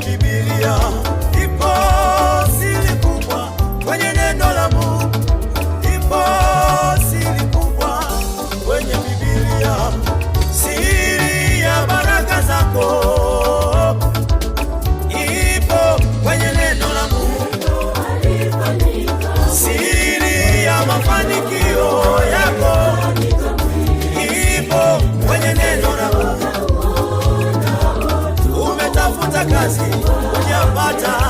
kwenye Biblia ipo siri kubwa, kwenye neno la Mungu ipo siri kubwa, kwenye Biblia siri ya baraka zako ipo kwenye neno la Mungu, siri ya mafanikio utapata kazi, hujapata